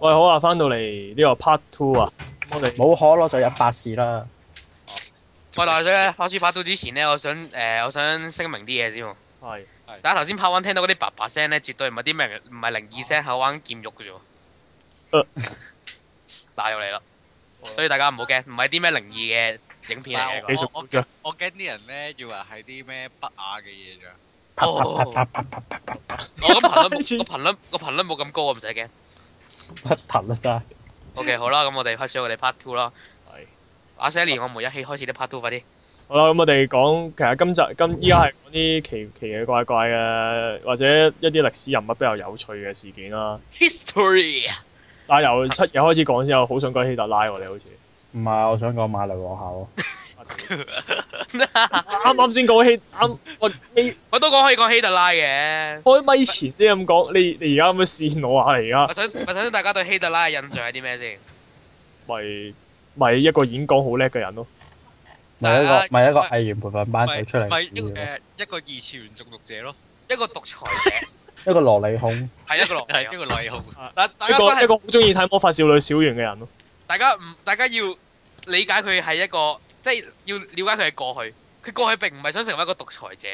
喂，好啊，翻到嚟呢個 part two 啊，我哋冇可咯，就入百事啦。喂，大水咧，拍住 part two 之前呢，我想誒，我想聲明啲嘢先喎。係。但係頭先拍 a r 聽到嗰啲叭叭聲咧，絕對唔係啲咩唔係靈異聲，口玩劍肉嘅啫。又嚟啦，所以大家唔好驚，唔係啲咩靈異嘅影片嚟嘅。我驚啲人咧，以為係啲咩不雅嘅嘢。我咁頻率，我頻率，我頻率冇咁高，唔使驚。不停啊真係是，OK 好啦吧，咁我哋開始我哋 Part Two 啦。係，阿 Sir 連，我哋一起開始都 Part Two，快啲。好啦，咁我哋講，其實今集今依家係啲奇奇嘅怪怪嘅，或者一啲歷史人物比較有趣嘅事件啦。History。但係由七日開始講之後 好想講希特拉喎，你好似。唔係，我想講瑪麗皇后。 啱啱先講希，啱我我都講可以講希特拉嘅。開咪前先咁講，你你而家有冇試我話嚟？而家我想，我想大家對希特拉嘅印象係啲咩先？咪咪一個演講好叻嘅人咯。咪一個咪一個藝員培訓班睇出嚟。咪一個誒一個二次元中毒者咯，一個獨裁者，一個蘿莉控。係一個蘿係一個蘿莉控。一個一個好中意睇魔法少女小圓嘅人咯。大家唔大家要理解佢係一個。即係要了解佢嘅過去，佢過去並唔係想成為一個獨裁者。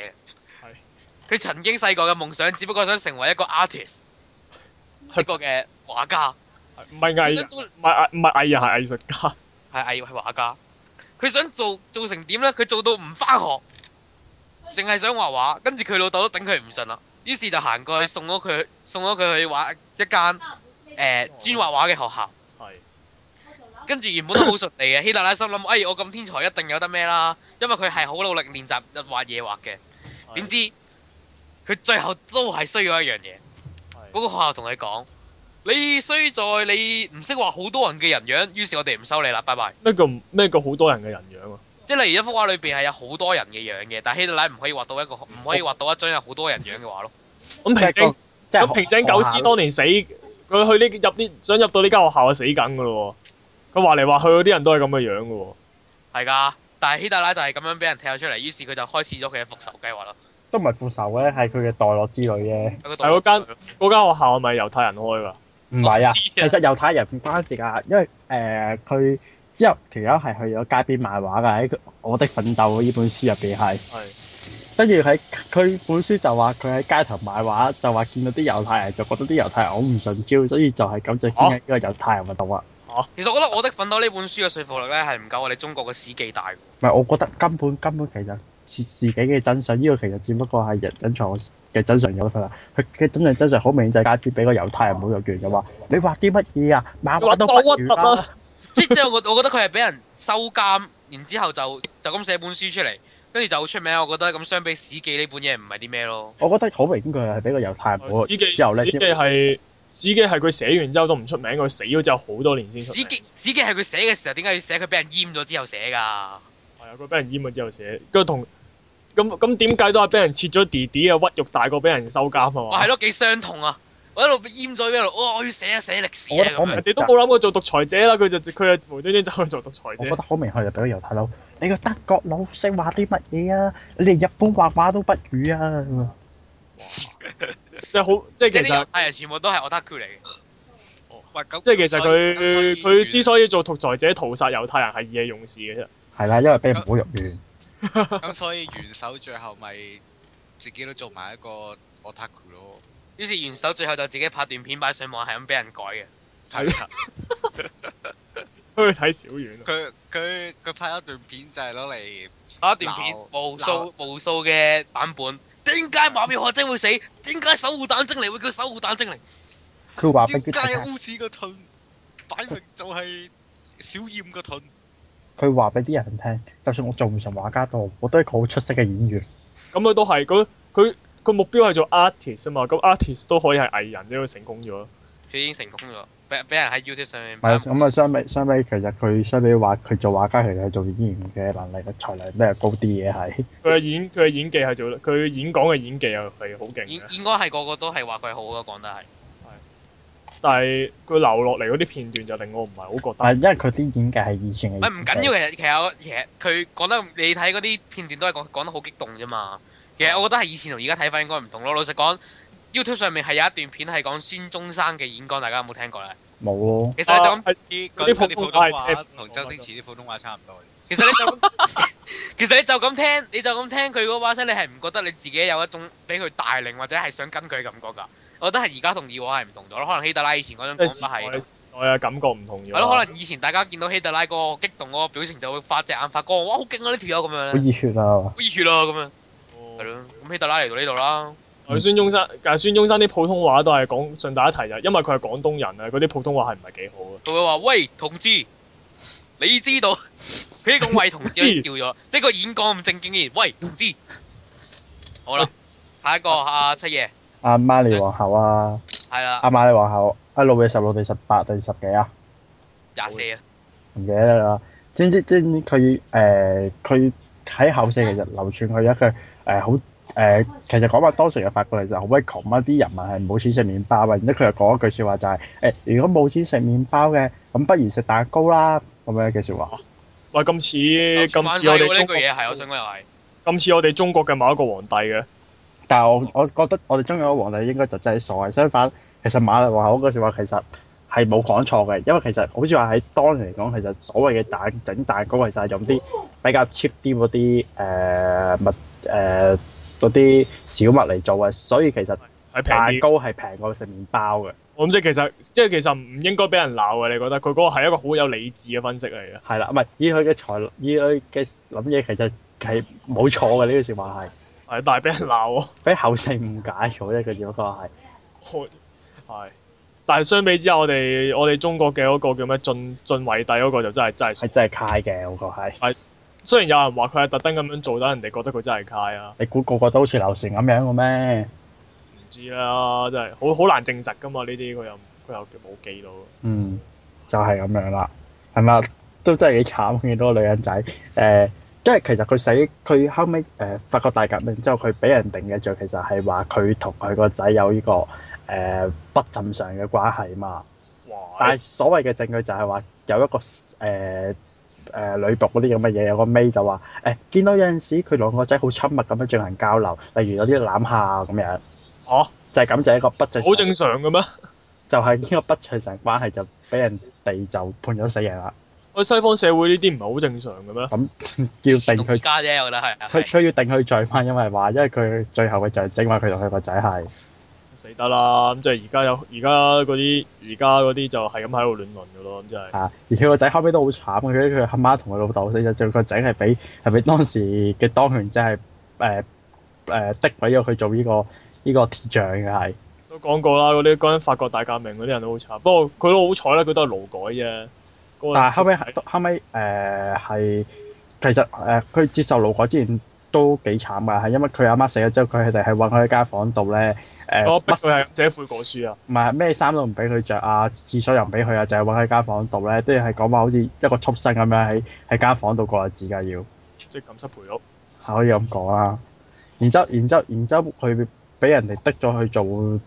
係是，佢曾經細個嘅夢想只不過想成為一個 artist，是一個嘅畫家。唔係藝，唔係唔係藝啊，係藝術家，係藝，係畫家。佢想做做成點咧？佢做到唔返學，淨係想畫畫。跟住佢老豆都頂佢唔順啦，於是就行過去送咗佢是，送咗佢去畫一間誒專畫畫嘅學校。跟住原本都好順利嘅希特拉心諗：哎，我咁天才一定有得咩啦？因為佢係好努力練習日畫夜畫嘅。點知佢最後都係需要一樣嘢。係嗰個學校同佢講：你衰在你唔識畫好多人嘅人樣，於是我哋唔收你啦，拜拜。咩叫咩叫好多人嘅人樣啊？即係例如一幅畫裏邊係有好多人嘅樣嘅，但係希特拉唔可以畫到一個唔可以畫到一張有好多人樣嘅畫咯。咁平井咁平井狗師當年死，佢去呢入呢想入到呢間學校係死緊噶咯喎。佢話嚟話去嗰啲人都係咁嘅樣嘅喎、哦，係㗎，但係希特拉就係咁樣俾人踢咗出嚟，於是佢就開始咗佢嘅復仇計劃咯。都唔係復仇嘅，係佢嘅代落之旅嘅。係嗰間嗰間學校係咪猶太人開㗎？唔係啊，其實猶太人唔關事㗎，因為誒佢、呃、之後其實係去咗街邊賣畫㗎，喺《我的奮鬥》呢本書入邊係。係的。跟住喺佢本書就話佢喺街頭賣畫，就話見到啲猶太人就覺得啲猶太人好唔順招，所以就係咁就牽起呢個猶太人運動啦。啊。其實我覺得《我的奮鬥》呢本書嘅說服力咧係唔夠我哋中國嘅《史記》大。唔係，我覺得根本根本其實自自己嘅真相，呢、這個其實只不過係人隱藏嘅真相有份啦。佢嘅真相真相好明顯，就係一啲俾個猶太人侮辱完就話：你畫啲乜嘢啊？漫畫到我屈啊！ 即係我我覺得佢係俾人收監，然之後就就咁寫本書出嚟，跟住就好出名。我覺得咁相比《史記》呢本嘢唔係啲咩咯。我覺得好明顯佢係俾個猶太人侮辱、啊、之後咧先。史記係佢寫完之後都唔出名，佢死咗之後好多年先出名。史記係佢寫嘅時候，點解要寫佢俾人閹咗之後寫噶？係啊、哎，佢俾人閹咗之後寫，跟住同咁咁點解都係俾人切咗弟弟啊屈辱大過俾人收監係嘛？哦，係咯，幾傷痛啊！我一路被閹咗，一度，我要寫一寫歷史啊！我樣明你都冇諗過做獨裁者啦，佢就佢係無端端走去做獨裁者。者我覺得好明顯就俾個猶太佬。你個德國佬識畫啲乜嘢啊？你連日本畫畫都不如啊！ 即係好，即係其實猶太人全部都係奧塔庫嚟嘅。哦，喂，咁即係其實佢佢之所以做獨裁者屠殺猶太人係意氣用事嘅啫。係啦，因為兵唔好入怨。咁所以元首最後咪自己都做埋一個奧塔庫咯。於是元首最後就自己拍段片擺上網，係咁俾人改嘅。係啊。去睇小遠啊！佢佢佢拍一段片就係攞嚟。拍一段片無數無數嘅版本。點解馬尾學姐會死？點解守護蛋精靈會叫守護蛋精靈？佢話俾點解好似個盾？反正就係小艷個盾。佢話俾啲人聽，就算我做唔成畫家都，我都係一個好出色嘅演員。咁佢都係，佢佢個目標係做 artist 啊嘛，咁 artist 都可以係藝人，因為佢成功咗。佢已經成功咗。俾人喺 YouTube 上面、嗯，係咁啊！相比相比，相比，其實佢相比話佢做畫家，其實做演員嘅能力嘅才力比較高啲嘅係。佢嘅 演佢嘅演技係做，佢演講嘅演技又係好勁。應該係個個都係話佢好嘅，講得係。係是。但係佢留落嚟嗰啲片段就令我唔係好覺得。係，因為佢啲演技係以前嘅。唔緊要，其實其實其實佢講得，你睇嗰啲片段都係講講得好激動啫嘛。其實我覺得係以前同而家睇法應該唔同咯。老實講、嗯、YouTube 上面係有一段片係講孫中山嘅演講，大家有冇聽過咧？冇咯。其實就啲啲普通話同周星馳啲普通話差唔多。其實你就其實你就咁聽，你就咁聽佢嘅話聲，你係唔覺得你自己有一種俾佢帶領或者係想跟佢嘅感覺㗎？我覺得係而家同以往係唔同咗咯。可能希特拉以前嗰種講法係我有感覺唔同咗。係咯，可能以前大家見到希特拉個激動個表情就會發隻眼發光，哇！好勁啊呢條友咁樣。好熱血啊！好熱血啊！咁樣。係咯。咁希特拉嚟到呢度啦。阿孫中山，但係孫中山啲普通話都係講順帶一提嘅。因為佢係廣東人啊，嗰啲普通話係唔係幾好嘅？佢會話：喂，同志，你知道？佢啲咁魏同志，笑咗。呢個演講咁正經嘅，喂，同志。好啦，下一個阿七爺。阿馬來皇后啊。係啦。阿馬來皇后，阿老嘅十六定十八定十幾啊？廿四啊。唔記得啦。正正正，佢誒，佢喺後世其實流傳佢一句誒好。誒、呃，其實講話當時嘅法國嚟就好鬼窮啊，啲人民係冇錢食麪包啊，然之後佢又講一句説話就係、是、誒、欸，如果冇錢食麪包嘅，咁不如食蛋糕啦咁樣嘅説話。喂，咁似咁似我哋中國嘅嘢係，我想講又係，咁似我哋中國嘅某一個皇帝嘅。帝但係我我覺得我哋中國嘅皇帝應該就真係傻嘅。相反，其實馬來王嗰句説話其實係冇講錯嘅，因為其實好似話喺當年嚟講，其實所謂嘅蛋整蛋糕係曬用啲比較 cheap 啲嗰啲誒物誒。呃呃呃呃呃嗰啲小麥嚟做嘅，所以其實蛋糕係平過食麵包嘅。我諗即係其實即係其實唔應該俾人鬧嘅，你覺得佢嗰個係一個好有理智嘅分析嚟嘅。係啦，唔係以佢嘅才，以佢嘅諗嘢，其實係冇錯嘅呢句説話係。係，但係俾人鬧喎，俾後世誤解咗啫。佢只不過係。係， 但係相比之下，我哋我哋中國嘅嗰個叫咩？晉晉惠帝嗰個就真係真係、嗰個、真係嘥嘅，我覺得係。雖然有人話佢係特登咁樣做，等人哋覺得佢真係曬啊！你估個個都好似劉翔咁樣嘅咩？唔知啦、啊，真係好好難證實㗎嘛呢啲，佢又佢又冇記到。嗯，就係、是、咁樣啦，係咪都真係幾慘，見到個女人仔誒，即、呃、係其實佢死佢後尾誒、呃、法國大革命之後，佢俾人定嘅罪其實係話佢同佢個仔有呢個誒不正常嘅關係嘛。喂但係所謂嘅證據就係話有一個誒。呃呃誒女僕嗰啲咁嘅嘢，有個尾就話誒，見到有陣時佢兩個仔好親密咁樣進行交流，例如有啲攬下咁樣，哦，就係咁，就係、是、一個不正常。好正常嘅咩？就係呢個不正常關係就俾人哋就判咗死刑啦。我西方社會呢啲唔係好正常嘅咩？咁 要定佢他家姐，我覺得係。佢佢他 okay. 要定佢罪翻，因為話因為佢最後嘅證證話佢同佢個仔係。死得啦！咁即係而家有而家嗰啲，而家嗰啲就係咁喺度亂倫噶咯。咁即係啊！而且個仔後尾都好慘啊！佢佢阿媽同佢老豆死咗，仲個仔係俾係俾當時嘅當權者係誒誒的鬼咗佢做呢個呢個鐵匠嘅係都講過啦。嗰啲講法國大革命嗰啲人都好慘。不過佢都好彩咧，佢都係勞改啫。但係後尾，係後尾誒係其實誒佢、呃、接受勞改之前都幾慘噶，係因為佢阿媽，媽死咗之後，佢哋係困喺間房度咧。誒，佢係即係悔過書啊！唔係咩衫都唔俾佢着啊，廁所又唔俾佢啊，淨係揾喺間房度咧，都要係講話好似一個畜生咁樣喺喺間房度過日子噶要，即係咁，失陪屋，係可以咁講啦。然後然後然後然後然後之後，然之後，然之後，佢俾人哋逼咗去做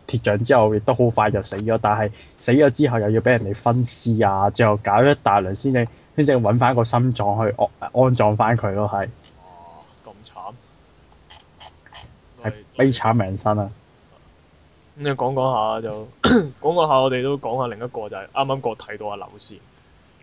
鐵匠之後，亦都好快就死咗。但係死咗之後，又要俾人哋分屍啊，最後搞咗一大輪先至先至揾翻個心臟去、啊、安葬翻佢咯，係。咁慘，係悲慘命身啊！咁你講講下就咳咳講講下，我哋都講下另一個就係啱啱過睇到阿劉禪。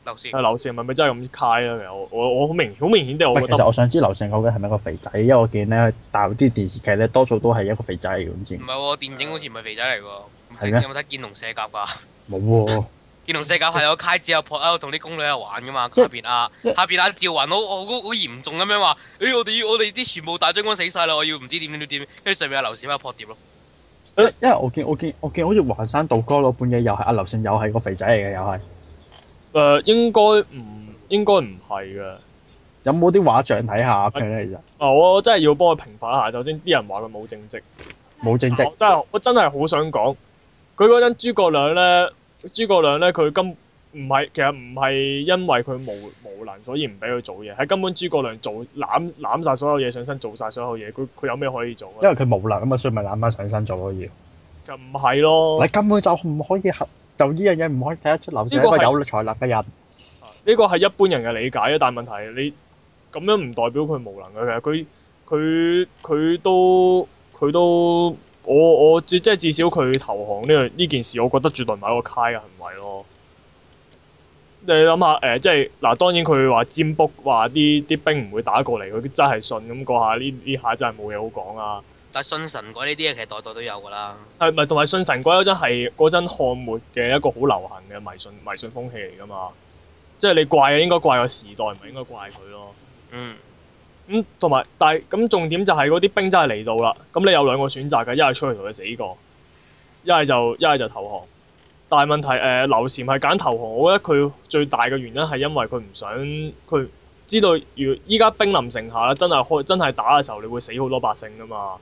劉禪。啊，劉禪係咪真係咁 high 咧？我我好明，好明顯都係。其實我想知劉禪究竟係咪一個肥仔，因為我見呢大陸啲電視劇咧多數都係一個肥仔嚟咁知。唔係喎，電影好似唔係肥仔嚟喎。係咩嗎？有冇睇《見、哦、 龍卸甲》？㗎？冇喎。見龍卸甲係有 h i 字有撲喺同啲宮女喺度玩㗎嘛？下邊啊， 啊，下邊啊，趙雲好好嚴重咁樣話，誒、哎、我哋我哋啲全部大將軍死晒啦！我要唔知點點點點，跟住上面阿劉禪喺度撲碟咯。誒，因為我見我見我見好似華山道哥嗰半嘢又係阿劉勝，又係個肥仔嚟嘅，又係。誒，應該唔應該唔係嘅。有冇啲畫像睇下佢咧？其實。我真係要幫佢平反下。首先，啲人話佢冇正職，冇正職。真係我真係好想講，佢嗰陣諸葛亮咧，諸葛亮咧，佢今。唔係，其實唔係因為佢無無能，為無能，所以唔俾佢做嘢。係根本，諸葛亮做攬攬晒所有嘢上身，做晒所有嘢。佢佢有咩可以做？因為佢無能吖嘛，所以咪攬翻上身做可以就唔係咯，你根本就唔可以合就呢樣嘢唔可以睇得出。劉備係一個有才能嘅人，呢、啊呢個係一般人嘅理解啊。但係問題你咁樣唔代表佢無能嘅。佢佢佢都佢都我我即即係至少佢投降呢呢件事，我覺得絕對唔係一個謖嘅行為咯。你諗下，誒、呃，即係嗱，當然佢話占卜話啲啲兵唔會打過嚟，佢真係信咁嗰、嗰個、下，呢、嗰、呢、個、下真係冇嘢好講啊。但係信神鬼呢啲嘢其實代代,代都有噶啦。係咪同埋信神鬼嗰陣係嗰陣漢末嘅一個好流行嘅迷信迷信風氣嚟噶嘛？即係你怪啊，應該怪個時代，唔係應該怪佢咯。嗯。咁同埋，但係咁重點就係嗰啲兵真係嚟到啦。咁你有兩個選擇嘅，一係出去同佢死過，一係就一係就,就投降。但係問題誒、呃，劉禪係揀投降，我覺得佢最大嘅原因係因為佢唔想佢知道，如依家兵臨城下啦，真係開真係打嘅時候，你會死好多百姓㗎嘛。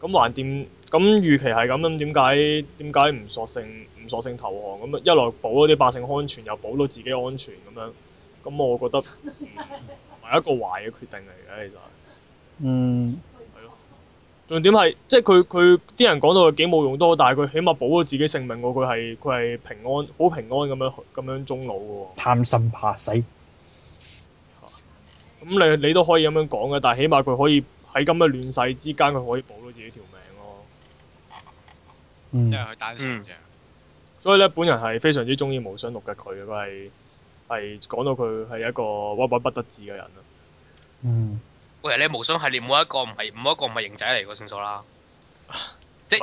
咁橫掂，咁預期係咁，點解點解唔索性唔索性投降？咁一來保嗰啲百姓安全，又保到自己安全咁樣。咁我覺得係一個壞嘅決定嚟嘅，其實。嗯。重點係，即係佢佢啲人講到佢幾冇用多，但係佢起碼保咗自己性命喎。佢係佢係平安，好平安咁樣咁樣終老嘅。貪生怕死，咁、啊、你你都可以咁樣講嘅。但係起碼佢可以喺咁嘅亂世之間，佢可以保到自己條命咯。因為佢單身嘅，所以咧，本人係非常之中意《無想錄》嘅佢，佢係係講到佢係一個屈屈不得志嘅人咯。嗯。喂，你無雙系列冇一個唔係冇一個唔係型仔嚟嘅，清楚啦。即即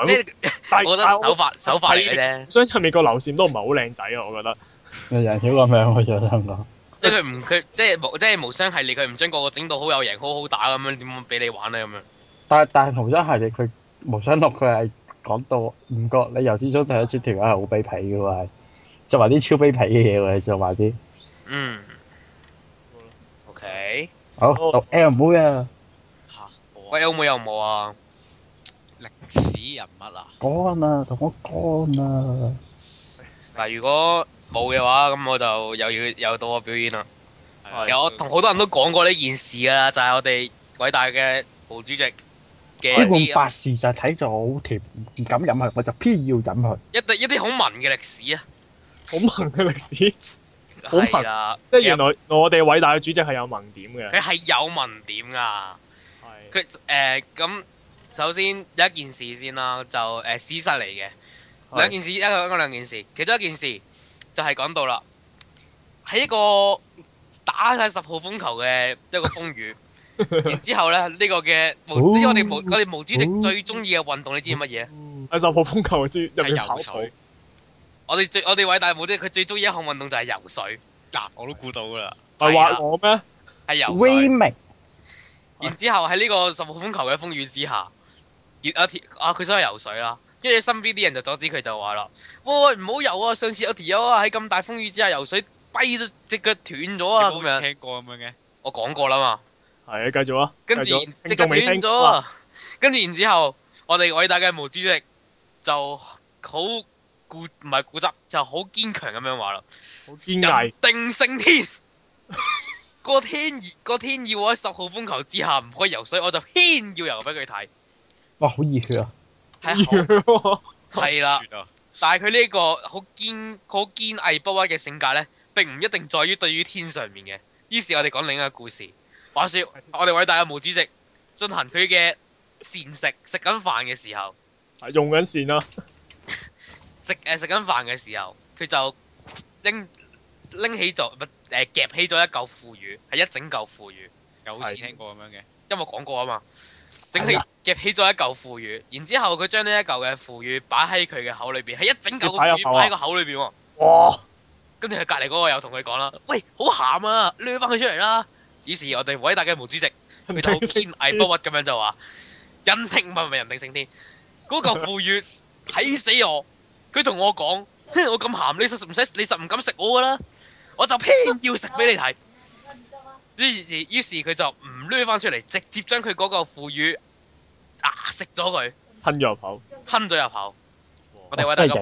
我覺得手法手法嚟咧。無雙系列個流線都唔係好靚仔啊，我覺得。人少個名喎，再唔講。即佢唔佢即無即無雙系列佢唔將個個整到好有型好好打咁樣，點會俾你玩咧咁樣？但係但係無雙系列佢無雙六，佢係講到五個你由始終第一出條友係好卑鄙嘅喎，係，就話啲超卑鄙嘅嘢喎，你做埋啲。嗯。OK。好讀 L 妹啊吓，喂，L 妹有冇啊？歷史人物啊，講啊，同我講啊。但係如果冇嘅話，咁我就又要又到我表演啦。有同好多人都講過呢件事㗎啦，就係我哋偉大嘅毛主席嘅。呢罐白事就睇在好甜，唔敢飲佢，我就偏要飲佢。一啲一啲好文嘅歷史啊，好文嘅歷史。係啊，即係原來我哋偉大嘅主席係有盲點嘅。佢係有盲點啊，係的。佢誒咁，呃、首先有一件事先啦，就誒、呃、事實嚟嘅。兩件事，的一個一個兩件事。其中一件事就係講到啦，喺一個打晒十號風球嘅一個風雨， 然之後咧呢、這個嘅， 我哋我哋毛主席最中意嘅運動，你知唔知乜嘢？係、嗯、十號風球之入面游水。 我哋最我哋偉大毛主席佢最中意一項運動就係游水。嗱、啊，我都估到噶啦，係話的我咩？係游水。啊、然之後喺呢個十號風球嘅風雨之下，而阿田啊，佢、啊、想去游水啦。跟住身邊啲人就阻止佢，就話啦：，喂唔好游啊！上次阿田啊，喺咁大風雨之下游水，跛咗隻腳斷咗啊！咁樣、啊、聽過咁樣嘅，我講過啦嘛。係啊，繼續啊。跟住直腳斷咗。啊。跟住然之後，然後然後後我哋偉大嘅毛主席就好。唔係固執，就好堅強咁樣話啦。好堅毅，人定勝天。個 天，個天要我喺十號風球之下唔可以游水，我就偏要游俾佢睇。哇，好熱血啊！係，係啦。但係佢呢個好堅、好堅 毅不屈嘅性格呢，並唔一定在於對於天上面嘅。於是我哋講另一個故事，話說我哋偉大嘅毛主席進行佢嘅膳食食緊飯嘅時候，係 用緊膳啊。食誒食緊飯嘅時候，佢就拎拎起咗唔係夾起咗一嚿腐乳，係一整嚿腐乳，有好似聽過咁樣嘅，因為我講過啊嘛，整起夾起咗一嚿腐乳，然之後佢將呢一嚿嘅腐乳擺喺佢嘅口裏邊，係一整嚿腐乳擺喺個口裏邊喎。哇！跟住佢隔離嗰個又同佢講啦，喂，好鹹啊，攣翻佢出嚟啦。於是，我哋偉大嘅毛主席，佢就堅毅不屈咁樣就話：人慶文明，人定勝天。嗰嚿腐乳睇死我！佢同我講我咁鹹，你實唔使，你實唔敢食我噶啦！我就偏要食俾你睇。於是於是佢就唔攣翻出嚟，直接將佢嗰個腐乳啊食咗佢。吞咗入口。吞咗入口。我哋為大家，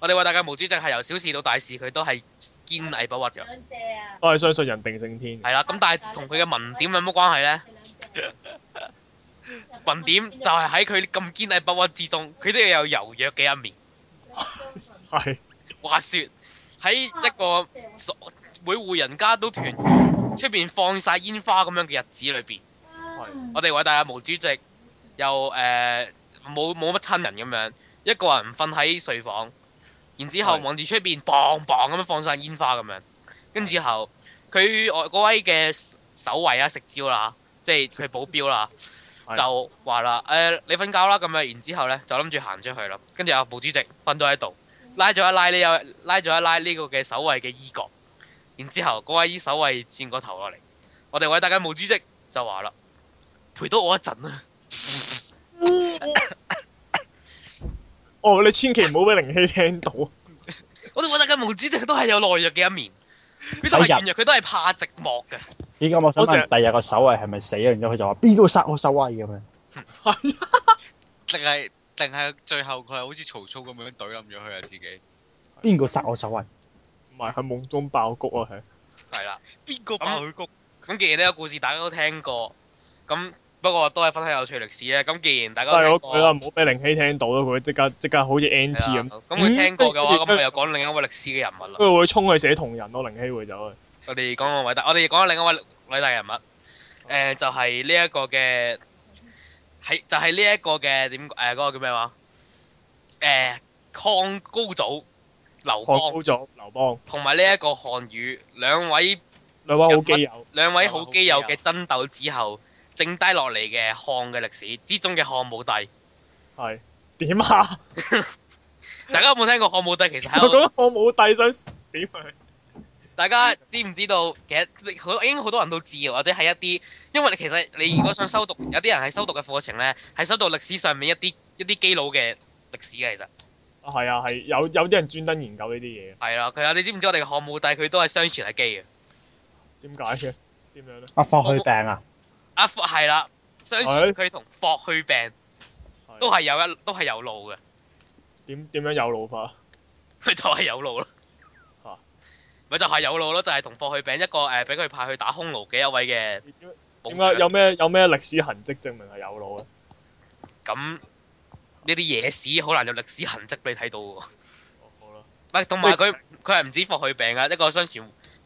我哋為大家，毛主席係由小事到大事，佢都係堅毅不屈嘅。都係相信人定勝天。係啦，咁但係同佢嘅文點有乜關係呢？文點就係喺佢咁堅毅不屈之中，佢都要有柔弱嘅一面。係話說喺一個每戶人家都團圓，出邊放晒煙花咁樣嘅日子裏邊，係的我哋偉大嘅毛主席又誒冇冇乜親人咁樣，一個人瞓喺睡房，然之後望住出邊棒棒咁樣放晒煙花咁樣，跟住後佢外嗰位嘅守衛啦、啊、食蕉啦，即係佢保鏢啦。 就話啦，誒、呃、你瞓覺啦，咁樣然之後咧就諗住行出去啦，跟住阿毛主席瞓咗喺度，拉咗一拉，你又拉咗一拉呢個嘅守衞嘅衣角，然之後嗰位依守衞轉個頭落嚟，我哋偉大家毛主席就話啦，陪到我一陣啊。 」 哦，你千祈唔好俾靈希聽到， 我哋偉大嘅毛主席都係有懦弱嘅一面，佢都係軟弱，佢、哎、呀都係怕寂寞嘅。依家我想問第日個守衞係咪死啊？然之後佢就話邊個殺我守衞咁樣？係，定係定係最後佢係好似曹操咁樣懟冧咗佢啊自己。邊個殺我守衞？唔係喺夢中爆谷啊！係。係啦，邊個爆佢谷？咁既然呢個故事大家都聽過，咁不過都係分享有趣歷史咧。咁既然大家，係我你話唔好俾靈希聽到咯，佢即刻即刻好似 NT 咁。咁佢聽過嘅話，咁佢又講另一位歷史嘅人物啦。佢會衝去寫同人咯，靈希會走去。我哋講個偉大，我哋講另一個位偉大人物，誒、呃、就係呢一個嘅，喺就係呢一個嘅點誒嗰個叫咩話？誒、呃，漢高祖劉邦，高祖劉邦，同埋呢一個項羽兩位兩位好基友，兩位好基友嘅爭鬥之後，剩低落嚟嘅漢嘅歷史之中嘅漢武帝，係點啊？ 大家有冇聽過漢武帝？其實我,我覺得漢武帝想點佢？大家知唔知道？其實好應該好多人都知，或者係一啲，因為你其實你如果想修讀，有啲人係修讀嘅課程咧，係修讀歷史上面一啲一啲基佬嘅歷史嘅其實。啊，係啊，係有有啲人專登研究呢啲嘢。係啊，佢話，你知唔知我哋嘅漢武帝佢都係相傳係基嘅。點解嘅？點樣咧？啊霍去病啊！阿啊，係啦、啊，相傳佢同霍去病都係有一、啊、都係有路嘅。點點樣，樣有路法？佢 就係有路咯。咪就係有路咯，就係、是、同、就是、霍去病一個誒，俾、呃、佢派去打匈奴嘅一位嘅。咁啊，有咩有咩歷史痕跡證明係有路咧？咁呢啲野史好難有歷史痕跡俾你睇到喎。好咯。唔係同埋佢，佢係唔止霍去病啊，一個相傳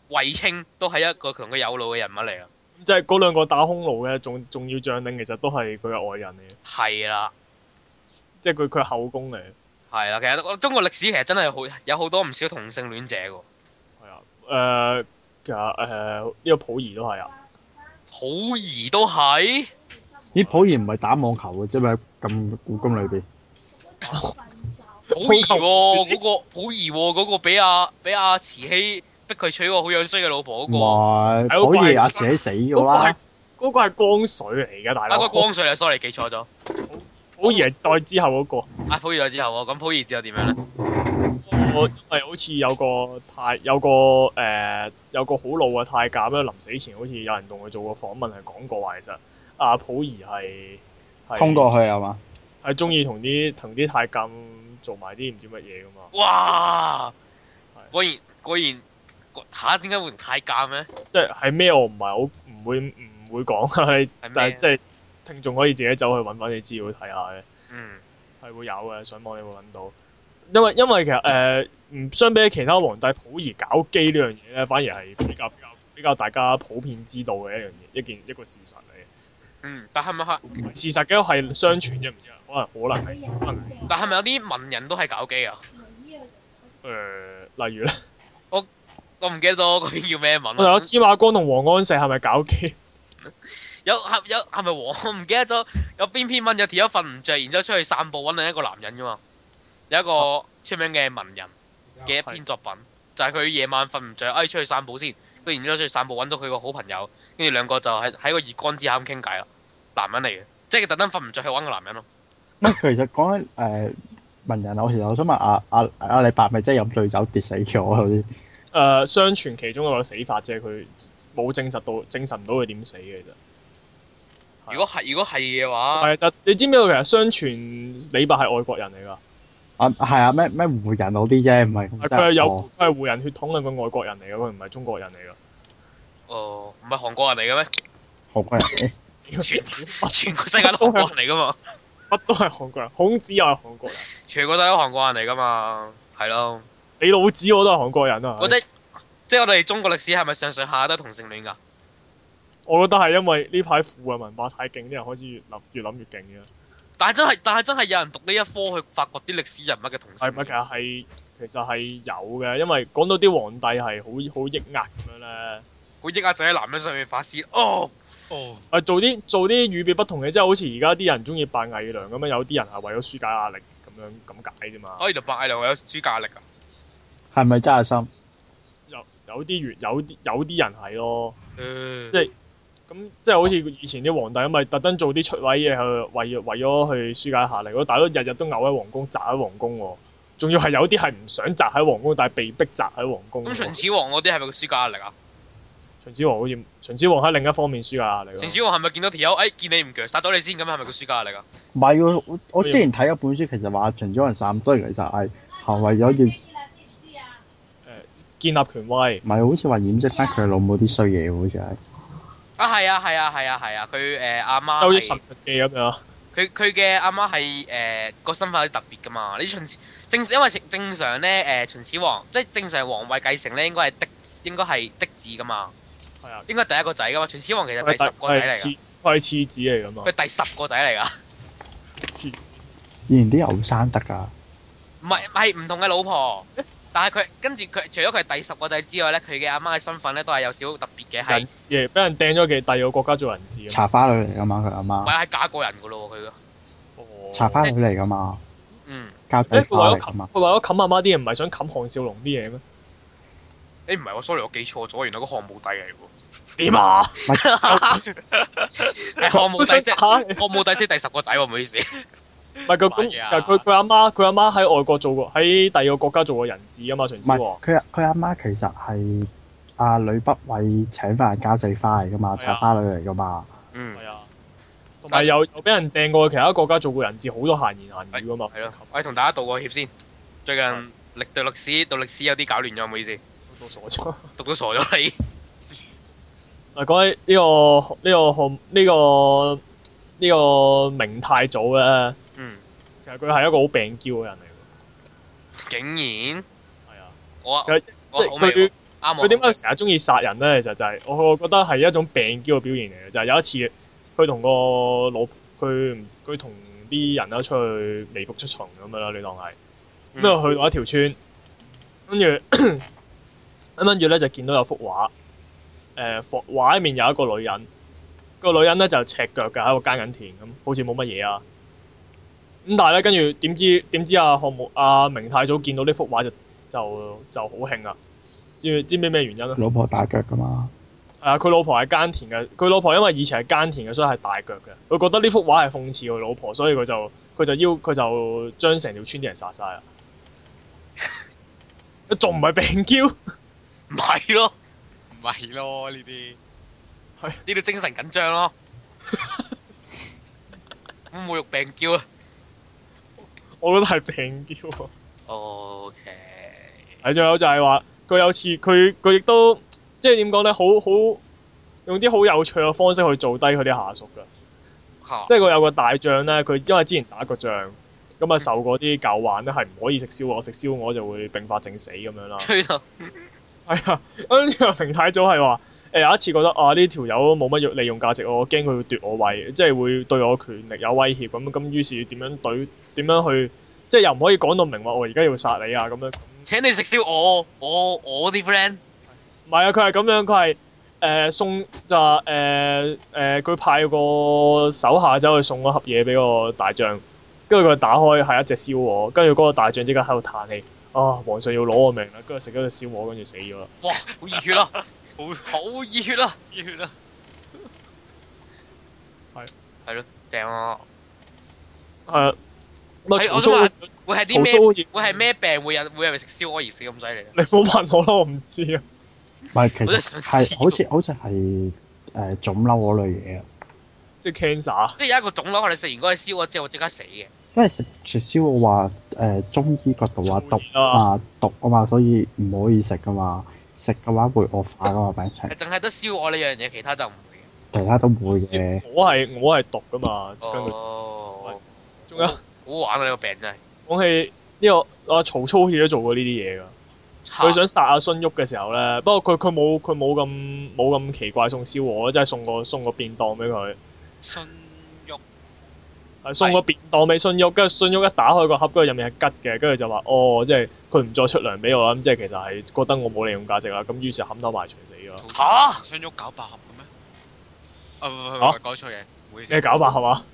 衛青都係一個同佢有路嘅人物嚟啊。即係嗰兩個打匈奴嘅重重要將領，其實都係佢嘅外人嚟。係啦的。即係佢佢後宮嚟。係啦，其實中國歷史其實真係好有好多唔少同性戀者喎。誒，其誒、uh, uh, uh, uh,，呢個溥儀都係啊，溥儀都係。咦 溥儀唔係打網球嘅啫咩？咁咁故宮裏邊，嗰個溥儀喎，嗰個俾阿俾阿慈禧逼佢娶個好樣衰嘅老婆嗰個。唔係，溥儀阿慈禧死咗嗰個係光緒嚟嘅大佬。啊，個光緒啊，sorry，記錯咗。溥儀係再之後嗰個。阿溥儀再之後，咁溥儀之後點樣咧？我，係好似有個太有個誒、呃、有個好老嘅太監啦，臨死前好似有人同佢做過訪問過，係講過話其實阿溥儀係通過去係嘛？係鍾意同啲同啲太監做埋啲唔知乜嘢㗎嘛？哇，係。果！果然果然下點解會太監咧？即係係咩？我唔係好唔會唔會講，但係即係聽眾可以自己走去揾翻啲資料睇下嘅。看看，嗯，係會有嘅，上網上你會揾到。因為因為其實誒，唔、呃、相比起其他皇帝溥儀搞基呢樣嘢咧，反而係比較比較比較大家普遍知道嘅一樣嘢，一件一個事實嚟嘅。嗯，但係咪係事實嘅？係相傳啫，唔知啊，可能可能係。但係咪有啲文人都係搞基啊？誒、呃，例如咧？我我唔記得咗嗰篇叫咩文，我有司馬光同王安石係咪搞基，嗯？有係有係咪王？ 我唔記得咗有邊篇文有條友瞓唔着，然之後出去散步揾另一個男人噶嘛？有一個出名嘅文人嘅一篇作品，的就係佢夜晚瞓唔着，哎出去散步先。跟住然之後出去散步，揾到佢個好朋友，跟住兩個就喺喺個月光之下咁傾偈啦。男人嚟嘅，即係佢特登瞓唔着去揾個男人咯、啊。其實講緊誒文人，我其實我想問阿阿阿李白，咪真係飲醉酒跌死咗嗰啲？誒、呃，相傳其中一個死法，即係佢冇證實到證實唔到佢點死嘅啫。如果係如果係嘅話，係你知唔知道？其實相傳李白係外國人嚟噶。啊，係啊，咩咩湖人好啲啫，唔係佢係有佢係我 湖人血統嘅個外國人嚟嘅，佢唔係中國人嚟噶。哦、呃，唔係韓國人嚟嘅咩？韓國人， 全全世界都韓國人嚟噶嘛？乜都係韓國人，孔子又係韓國人，全國都係韓國人嚟噶嘛？係咯。你老子我都係韓國人啊。我即即我哋中國歷史係咪上上下下都同性戀噶？我覺得係，因為呢排富嘅文化太勁，啲人開始越諗越諗越勁嘅。但係真係，但係真係有人讀呢一科去發掘啲歷史人物嘅同時，係咪其實係其實係有嘅？因為講到啲皇帝係好好抑壓咁樣咧，好抑壓就喺男人上面發泄。哦哦，啊做啲做啲與別不同嘅，即係好似而家啲人中意扮偽娘咁樣，有啲人係為咗舒解壓力咁樣咁解啫嘛。可以就扮偽娘，為咗舒解壓力㗎。係咪真係心？有有啲有啲有啲人係咯，嗯、即係。咁、嗯、即係好似以前啲皇帝咁啊，特登做啲出位嘢去為咗為咗去舒解下壓力，我大佬日日都牛喺皇宮宅喺皇宮喎，仲要係有啲係唔想宅喺皇宮，但係被逼宅喺皇宮。咁秦始皇嗰啲係咪佢舒解壓力啊？秦始皇好似秦始皇喺另一方面舒解壓力，啊。秦始皇係咪見到條友？哎，見你唔強，殺到你先咁？係咪佢舒解壓力啊？唔係喎，我之前睇一本書，其實話秦始皇殺咁多人其實係行為有要誒建立權威。唔係，好似話掩飾翻佢老母啲衰嘢喎，好似係。啊，係啊，係啊，係啊，係啊，佢誒阿媽係。好似、呃、神話記咁樣。佢佢嘅阿媽係誒個身份有啲特別噶嘛？你秦始正因為正，正常咧誒、呃、秦始皇即係正常皇位繼承咧應該係嫡應該係嫡子噶嘛？係啊。應該第一個仔噶嘛？秦始皇其實第十個仔嚟。噶，係次子嚟噶嘛？佢第十個仔嚟噶，次。以前啲後生得噶，唔係唔係唔同嘅老婆。但係佢跟住佢除咗佢第十個仔之外咧，佢嘅阿媽嘅身份咧都係有少少特別嘅，係誒俾人掟咗佢第二個國家做人質。茶花女嚟噶嘛佢阿媽？係嫁過人噶咯佢佢。茶花女嚟噶嘛？嗯，嫁過人嚟佢為咗冚，佢為咗冚阿媽啲嘢，唔係想冚韓少龍啲嘢咩？誒唔係我，sorry，我記錯咗，原來個漢武帝嚟喎。點啊？漢武帝係，漢武帝係第十個仔喎，唔好意思。唔係佢咁，佢佢阿媽佢阿媽喺外國做過，喺第二個國家做過人質啊嘛，陳之。佢阿媽其實係阿呂不韋請翻人交際花嚟噶嘛，插花女嚟噶嘛、啊。嗯。係啊，同埋又又俾人掟過去其他國家做過人質，好多閒言閒語噶嘛。係咯，同大家道個歉先。最近歷讀歷史，讀歷史有啲搞亂咗，唔好意思。讀到傻咗。讀到傻咗你。 啊，講起呢個呢、這個項呢、這個呢、這個明太祖咧。佢係一個好病嬌嘅人嚟，竟然係啊！我，她我即佢是，佢點解成日中意殺人咧？其實就係我覺得係一種病嬌嘅表現嚟嘅。就係、是、有一次，佢同個老婆佢佢同啲人咧出去微服出巡咁樣啦，你當係。之後去到一條村，跟住一諗住咧就見到有幅畫，誒、呃、畫畫面有一個女人，個女人咧就赤腳嘅喺個耕緊田咁，好似冇乜嘢啊。咁但係咧，跟住點知點知阿洪武阿、啊、明太祖見到呢幅畫就就就好興啊？知唔知咩咩原因啊？老婆大腳噶嘛 、啊？係佢老婆係耕田嘅，佢老婆因為以前係耕田嘅，所以係大腳嘅。佢覺得呢幅畫係諷刺佢老婆，所以佢就佢就要佢就將成條村啲人殺晒啦。仲唔係病嬌？唔係咯，唔係咯，呢啲呢啲精神緊張咯。咁 冇 肉病嬌啊！我覺得係病嬌。O K。係，仲有就係話佢有次佢佢亦都即係點講咧，好好用啲好有趣嘅方式去做低佢啲下屬㗎。即係佢有個大將咧，佢因為之前打過仗，咁啊受過啲舊患咧係唔可以食燒鵝，食燒鵝就會並發症死咁樣啦。吹到。係啊，跟住明太祖係話。誒有一次，覺得啊呢條友冇乜用利用價值，我驚佢會奪我位，即係會對我權力有威脅咁，咁於是點樣對點樣去，即係又唔可以講到明話我而家要殺你啊咁樣。請你食燒鵝，我我啲 friend。唔係啊，佢係咁樣，佢係誒送就係誒佢派個手下走去送咗盒嘢俾個大將，跟住佢打開係一隻燒鵝，跟住嗰個大將即刻喺度嘆氣，啊皇上要攞我命啦，跟住食咗隻燒鵝，跟住死咗喇。哇，好熱血咯！ 好好熱血啦，熱血啦，係係咯，病啊！係啊，我都想話會係啲咩？會係咩病？會有會係食燒鵝而死咁犀利？你唔好問我啦，我唔知啊。係，其實係好似好似係誒腫瘤嗰類嘢啊，即係 cancer。即係有一個腫瘤，我哋食完嗰個燒鵝之後我即刻死嘅。因為食食燒鵝話誒中醫角度話毒啊毒啊嘛，所以唔可以食噶嘛。食嘅話會惡化噶嘛，擺一齊。係淨係得燒鵝呢樣嘢，其他就唔會。其他都唔會嘅。我係我係毒噶嘛。哦。仲有好。好玩啊！呢、呢個病真係。講起呢、呢個，阿曹操亦都做過呢啲嘢㗎。佢、啊、想殺阿荀彧嘅時候咧，不過佢佢冇佢冇咁冇咁奇怪送燒鵝，即、就、係、是、送個送個便當俾佢。嗯。係送個便當味信喐，跟住信喐一打開個盒，跟住入面係吉嘅，跟住就話哦，即係佢唔再出糧俾我啦。咁即係其實係覺得我冇利用價值啦。咁於是就冚頭埋牆死咗。吓，信喐搞百合嘅咩？嚇！改錯嘢。你搞百合啊？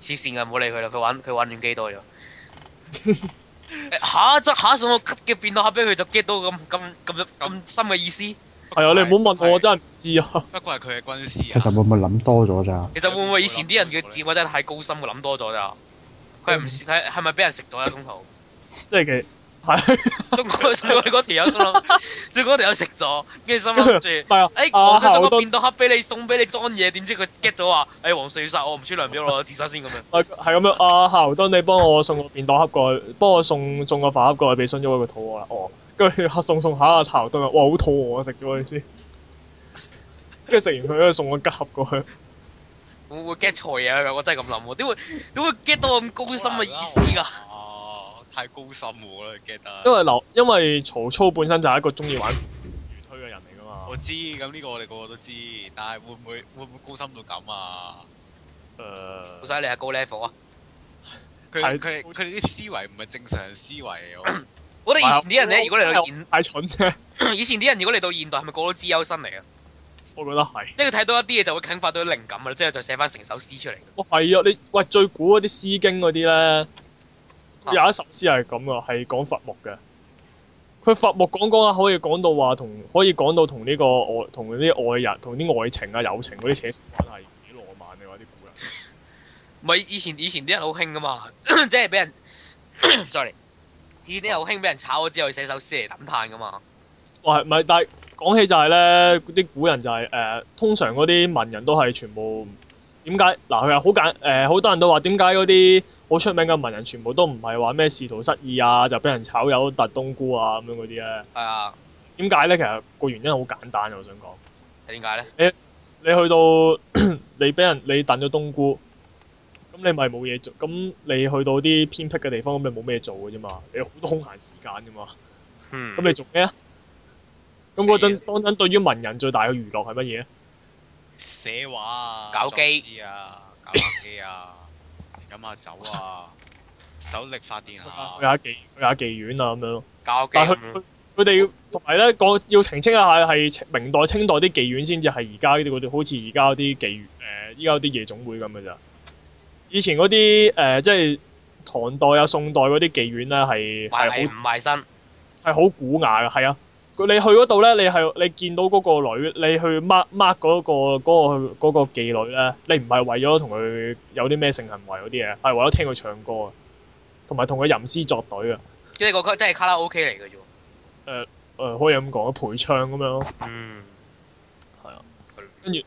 黐線嘅，唔好理佢啦。佢玩佢玩亂幾多咗。嚇！下一送個吉嘅便當盒俾佢，就 get 到咁咁咁咁深嘅意思。係啊，你唔好問我，我真係唔知啊。不過係佢嘅軍師。其實會唔會諗多咗咋？其實會唔會以前啲人叫哲學真係太高深，我諗多咗咋？佢係唔係係咪俾人食咗啊？中途即係幾係送過送過嗰條友送，送嗰條友食咗，跟住心諗住係啊！哎，阿送我便當盒俾你送俾你裝嘢，點知佢 get 咗話哎，黃四殺我唔出糧表，我自殺先咁樣。係係咁樣，夏侯惇，你幫我送個便當盒過去，幫我送送個飯盒過去俾信咗，佢肚餓啦，餓。跟住 送送下下頭都話，哇好肚餓啊食咗佢先，跟住食完佢咧送個夾盒過去， 會唔會 get 錯嘢啊？我真係咁諗，點會點會 get 到咁高深嘅意思噶？哦，太高深喎啦，get 得。因為劉因為曹操本身就係一個中意玩魚推嘅人嚟噶嘛。我知，咁呢個我哋個個都知，但係會唔會會唔會高深到咁啊？誒， 好犀利啊高 level 啊！佢佢佢哋啲思維唔係正常思維啊！ 我哋以前啲人咧，我如果嚟到現太蠢啫 。以前啲人如果嚟到現代，係咪過到資優生嚟啊？我覺得係。即係佢睇到一啲嘢，就會啟發到啲靈感啊！即係就是、寫翻成首詩出嚟。哦，係啊！你喂最古嗰啲詩經嗰啲咧，廿一十詩係咁啊，係講伐木嘅。佢伐木講講下可以講到話同可以講到同呢、呢個愛同啲愛人同啲愛情啊友情嗰啲，寫文係幾浪漫嘅喎啲古人。咪 以前以前啲人好興噶嘛，即係俾人 sorry。呢啲人好興俾人炒咗之後寫首詩嚟感嘆噶嘛，哇唔係，但係講起就係咧，啲古人就係、是、誒、呃、通常嗰啲文人都係全部點解嗱佢係好簡誒好、呃、多人都話點解嗰啲好出名嘅文人全部都唔係話咩仕途失意啊就俾人炒有燉冬菇啊咁樣嗰啲咧，係啊，點解咧？其實個原因好簡單，我想講，係點解咧？你你去到 你俾人你燉咗冬菇。咁你咪冇嘢做？咁你去到啲偏僻嘅地方，咁你冇咩做嘅啫嘛？你有好多空閒時間噶嘛？嗯。咁你做咩啊？咁嗰陣，當陣對於文人最大嘅娛樂係乜嘢啊？寫畫啊，搞機啊，搞機啊，飲下酒啊，手力發電啊，去下妓，去下妓院啊咁樣咯。搞、啊、但佢佢哋要同埋咧，講、嗯、要，要澄清一下，係明代、清代啲妓院先至係而家啲啲，好似而家啲妓院，誒、呃，而家啲夜總會咁嘅咋。以前嗰啲誒，即係唐代啊、宋代嗰啲妓院咧，係係好唔賣身，係好古雅嘅。係啊！你去嗰度咧，你係你見到嗰個女，你去 mark mark 嗰、嗰個嗰、嗰個嗰個妓女咧，你唔係為咗同佢有啲咩性行為嗰啲嘢，係為咗聽佢唱歌啊，同埋同佢吟詩作對啊，即係個曲，即係卡拉 OK 嚟嘅啫誒誒，可以咁講，陪唱咁樣咯。嗯，係啊、嗯。跟住、嗯。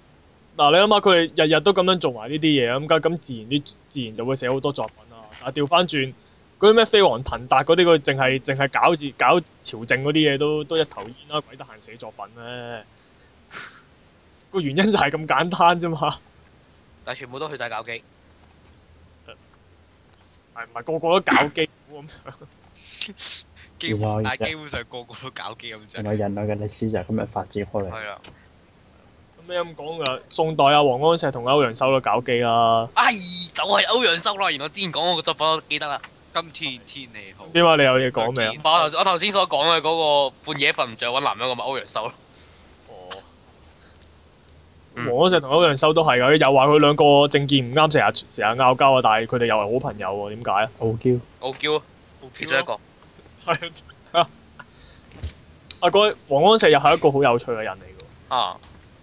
嗱、啊，你諗下佢哋日日都咁樣做埋呢啲嘢，咁、嗯、咁自然啲，自然就會寫好多作品啦。啊，調翻轉嗰啲咩飛黃騰達嗰啲，佢淨係淨係搞住搞朝政嗰啲嘢，都都一頭煙啦、啊，鬼得閒寫作品咩？個原因就係咁簡單啫嘛。但係全部都去晒搞基，係唔係個個都搞基，咁樣？基但係基本上個個都搞基，咁樣。人類嘅歷史就係咁樣發展開嚟。係啦。咩咁講噶？宋代啊，王安石同歐陽修都搞基啦。哎，就係歐陽修啦。原來之前講嗰個作品，我記得啦。今天天氣好。點解你有嘢講咩啊？唔係我頭我頭先所講嘅嗰個半夜瞓唔着搵男人，我咪歐陽修咯。哦。王安石同歐陽修都係嘅，又話佢兩個政見唔啱，成日成日拗交啊。但係佢哋又係好朋友喎，點解啊？傲嬌。傲嬌。其中一個。係啊。啊！阿哥，王安石又係一個好有趣嘅人嚟嘅。啊。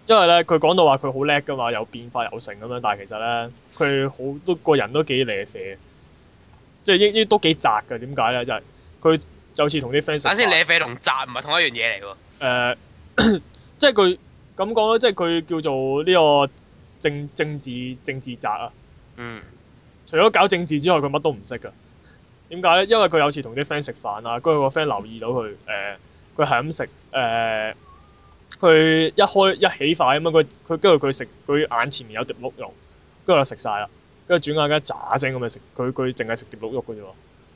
因為咧，佢講到話佢好叻噶嘛，有變化有成咁樣，但係其實咧，佢好都個人都幾瀨啡、就是呃，即係亦依都幾宅嘅。點解咧？就係佢就似同啲 friend 食飯。反先，瀨啡同宅唔係同一樣嘢嚟喎。誒，即係佢咁講咧，即係佢叫做呢、這個政政治政治宅啊。嗯。除咗搞政治之外，佢乜都唔識嘅。點解咧？因為佢有次同啲 friend 食飯啊，跟住個 friend 留意到佢誒，佢係咁食誒。佢一開一起筷吖嘛，佢佢跟住佢食，佢眼前面有碟碌肉，跟住就食晒啦。跟住轉眼間喳聲咁就食，佢佢淨係食碟碌肉嘅啫喎。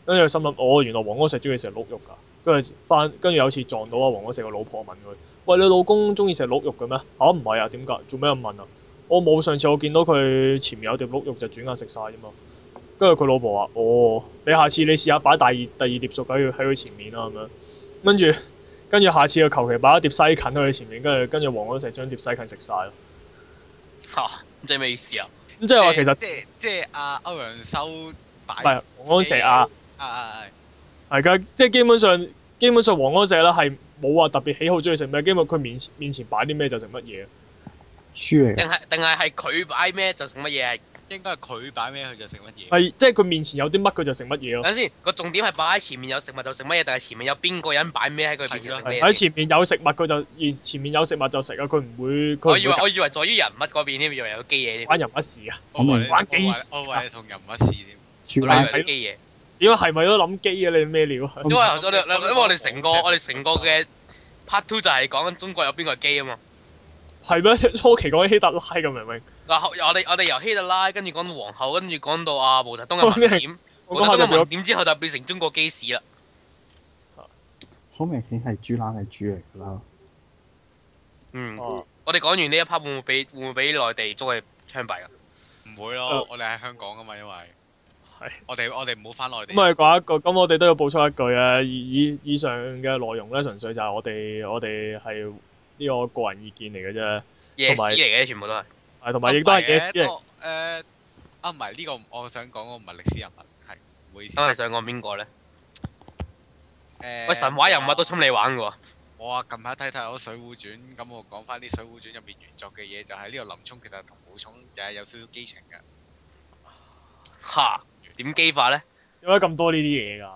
跟住佢心諗，哦，原來王安石中意食碌肉㗎。跟住翻，跟住有次撞到阿王安石個老婆問佢，喂，你老公中意食碌肉嘅咩？嚇唔係啊？點解？啊？做咩咁問啊？我冇上次我見到佢前面有碟碌肉就轉眼食晒啫嘛。跟住佢老婆話，哦，你下次你試下擺第二第二碟熟喺佢喺佢前面啦咁樣。跟住。跟住下次佢求其擺一碟西芹喺佢前面，跟住跟住王安石將碟西芹食晒。咯、啊。嚇！即係咩意思啊？咁即係話即其實即即阿、啊、歐陽修擺王安石啊啊係嘅、啊，即係基本上基本上王安石咧係冇話特別喜好中意食咩，基本上佢面前面前擺啲咩就食乜嘢。書嚟定係定係係佢擺咩就食乜嘢？應該係佢擺咩，佢就食乜嘢。係，即係佢面前有啲乜，佢就食乜嘢咯。等先，個重點係擺喺前面有食物就食乜嘢，定係前面有邊個人擺咩喺佢面前食咩？喺前面有食物，佢就，前前面有食物就食啊，佢唔會。我以我以為在於人物嗰邊添，以為有機嘢。玩人物事啊！我唔玩機，同人物事添。全部係睇機嘢。點解係咪都諗機啊？你咩料啊？因為頭先，因為我哋成個，我哋成個嘅 part two 就係講緊中國有邊個係機啊嘛。係咩？初期講起希特拉咁，明明？嗱、啊，我哋我哋由希特拉，跟住講到皇后，跟住講到阿毛澤東，又講啲點？我講下就點，之後就變成中國基史啦。好明顯係豬欄係豬嚟噶啦。嗯。我哋講完呢一 part 會唔會俾會唔會俾內地捉去槍斃啊？唔會咯，會會會啊、我哋喺香港噶嘛，因為係是。我哋我哋唔好翻內地。咁咪講一句，咁我哋都要補充一句啊！以以上嘅內容咧，純粹就係我哋我哋係。呢個我個人意見嚟嘅啫，野史嚟嘅全部都係，係同埋亦都係野史。誒啊，唔係呢個，我想講個唔係歷史人物，係。唔好意思。因為想講邊個咧？誒。喂，神話人物都充你玩嘅喎。我啊，近排睇睇我《水滸傳》，咁我講翻啲《水滸傳》入邊原作嘅嘢，就係呢個林沖其實同武松就係有少少基情㗎。嚇？點基化咧？點解咁多呢啲嘢㗎？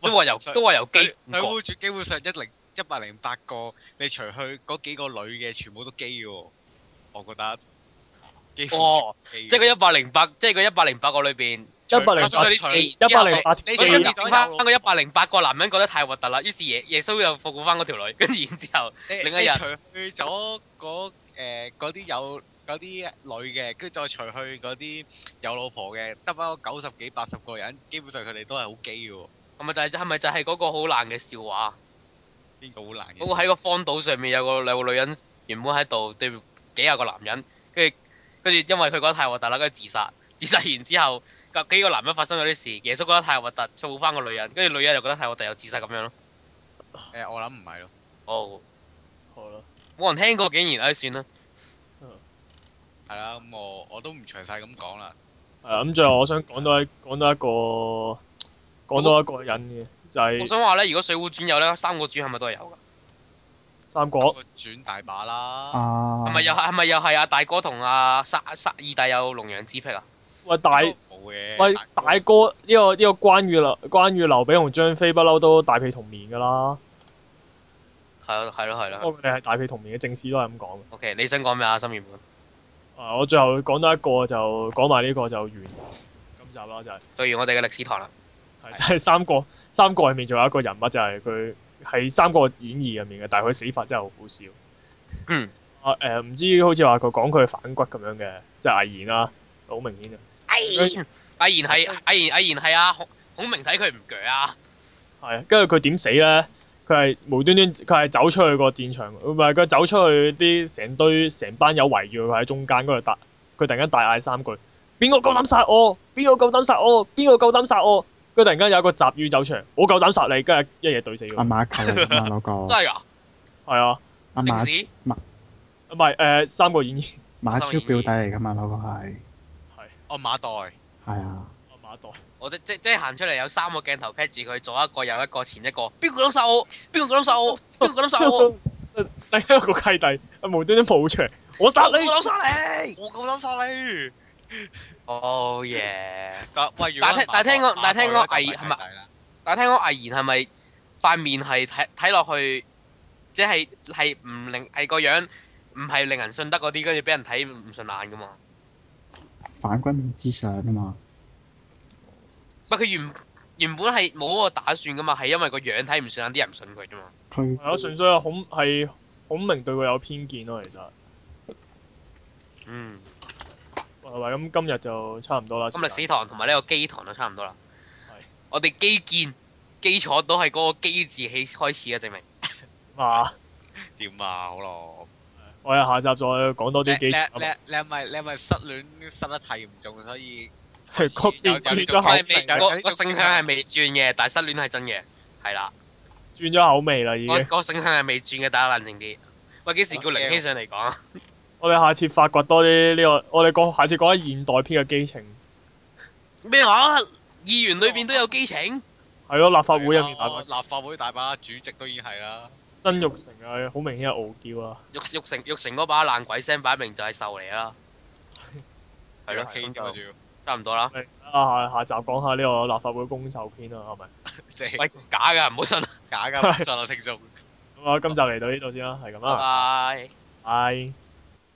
都話由都話由基《水滸傳》基本上一零。一百零八個，你除去嗰幾個女嘅，全部都基嘅，我覺得。基，即係佢一百零八，即係佢一百零八個裏邊，一百零四除一百零八，除咗一百零八個男人覺得太核突啦。於是耶耶穌又復活翻嗰條女，跟住然之後另一日除去咗嗰、誒啲有嗰啲女嘅，跟住再除去嗰啲有老婆嘅，得翻九十幾八十個人，基本上佢哋都係好基嘅。係咪就係？係咪就係嗰個好爛嘅笑話？呢個好難嘅？不過喺個荒島上面有個兩個女人，原本喺度對幾廿個男人，跟住跟住因為佢覺得太核突啦，跟住自殺，自殺完之後，個幾個男人發生咗啲事，耶穌覺得太核突，做翻個女人，跟住女人又覺得太核突又自殺咁樣咯。誒，我諗唔係咯。哦、oh, 了，好啦，冇人聽過竟然，唉，算啦、uh。 嗯。係啦，咁我我都唔詳細咁講啦。誒，咁最後我想講多一講多一個講多，我多一個人嘅。我想話咧，如果《水滸傳》有咧，《三國傳》係咪都係有噶？《三國傳》大把啦，係咪又係？係咪又係阿大哥同阿沙沙二弟有龍陽之癖啊？喂大，喂大哥呢個呢個關羽劉關羽劉備同張飛不嬲都大被同眠噶啦，係咯係咯係咯，我哋係大被同眠嘅正史都係咁講。O K，你想講咩啊？心嚴本，我最後講多一個就講埋呢個就完，今集啦就係。到完我哋嘅歷史堂啦。係，係 《三國》《三國》入面仲有一個人物就係佢喺《三國演義》入面嘅，但係佢死法真係好好笑。嗯，啊呃、唔知好似話佢講佢反骨咁樣嘅，即係魏延啦，好明顯嘅。魏延係魏延，魏延係啊！孔明睇佢唔鋸啊！係啊，跟住佢點死咧？佢係無端端，佢係走出去個戰場，唔係佢走出去啲成堆成班友圍住佢喺中間嗰度大佢突然間大嗌三句：邊個夠膽殺我？邊個夠膽殺我？邊個夠膽殺我？佢突然間有一個雜魚走出嚟，我夠膽殺你，今日一嘢懟死佢。阿馬超啊嘛，老哥真係噶，係啊，阿馬馬，唔係誒《三國演義》演員，馬超表弟嚟噶嘛，老哥！係係是，阿、哦、馬代！係啊，阿、啊、馬代！我即即即行出嚟有三個鏡頭劈住佢，左一個，一個，右一個，前一個，邊個敢殺我？邊個敢殺我？邊個敢殺我？ 我 第一個契弟，無端端冒出嚟，我殺你，你, 你，我敢殺你，我敢殺你。哦耶！Oh, yeah. 喂， 但聽說但聽講但聽講魏係咪？但聽講魏延係咪塊面係睇睇落去，即係係唔令係個樣唔係令人信得嗰啲，跟住俾人睇唔順眼噶嘛？反骨之相啊嘛！不係佢原原本係冇個打算噶嘛，係因為個樣睇唔順眼啲人唔信佢啫嘛。佢我純粹係孔係孔明對佢有偏見咯，其實。嗯。咁，今日就差唔多啦。今日史堂同埋呢個基堂就差唔多啦。係，我哋基建基礎都係嗰個基字起開始嘅證明。啊，點啊，好咯。我哋下集再講多啲基。你你係咪你係咪失戀失得太嚴重所以係曲變轉咗口味。個性向係未轉嘅，但係失戀係真嘅，係啦。轉咗口味啦，已經。我個性向係未轉嘅，大家冷靜啲。喂，幾時叫凌飛上嚟講啊？我哋下次發掘多啲呢個，我哋講下次講下現代篇嘅基情咩話？議員裏邊都有基情係咯，立法會入面立法會大把主席都已經係啦，曾鈺成啊，好明顯係傲嬌啊，鈺鈺成鈺成嗰把爛鬼聲擺明就係受嚟啦，係咯，差唔多啦。啊，下下集講下呢個立法會攻受篇啦，係咪？喂，假嘅唔好信，假嘅唔好信啊，聽眾。咁我今集嚟到呢度先啦，係咁啦，拜拜，係。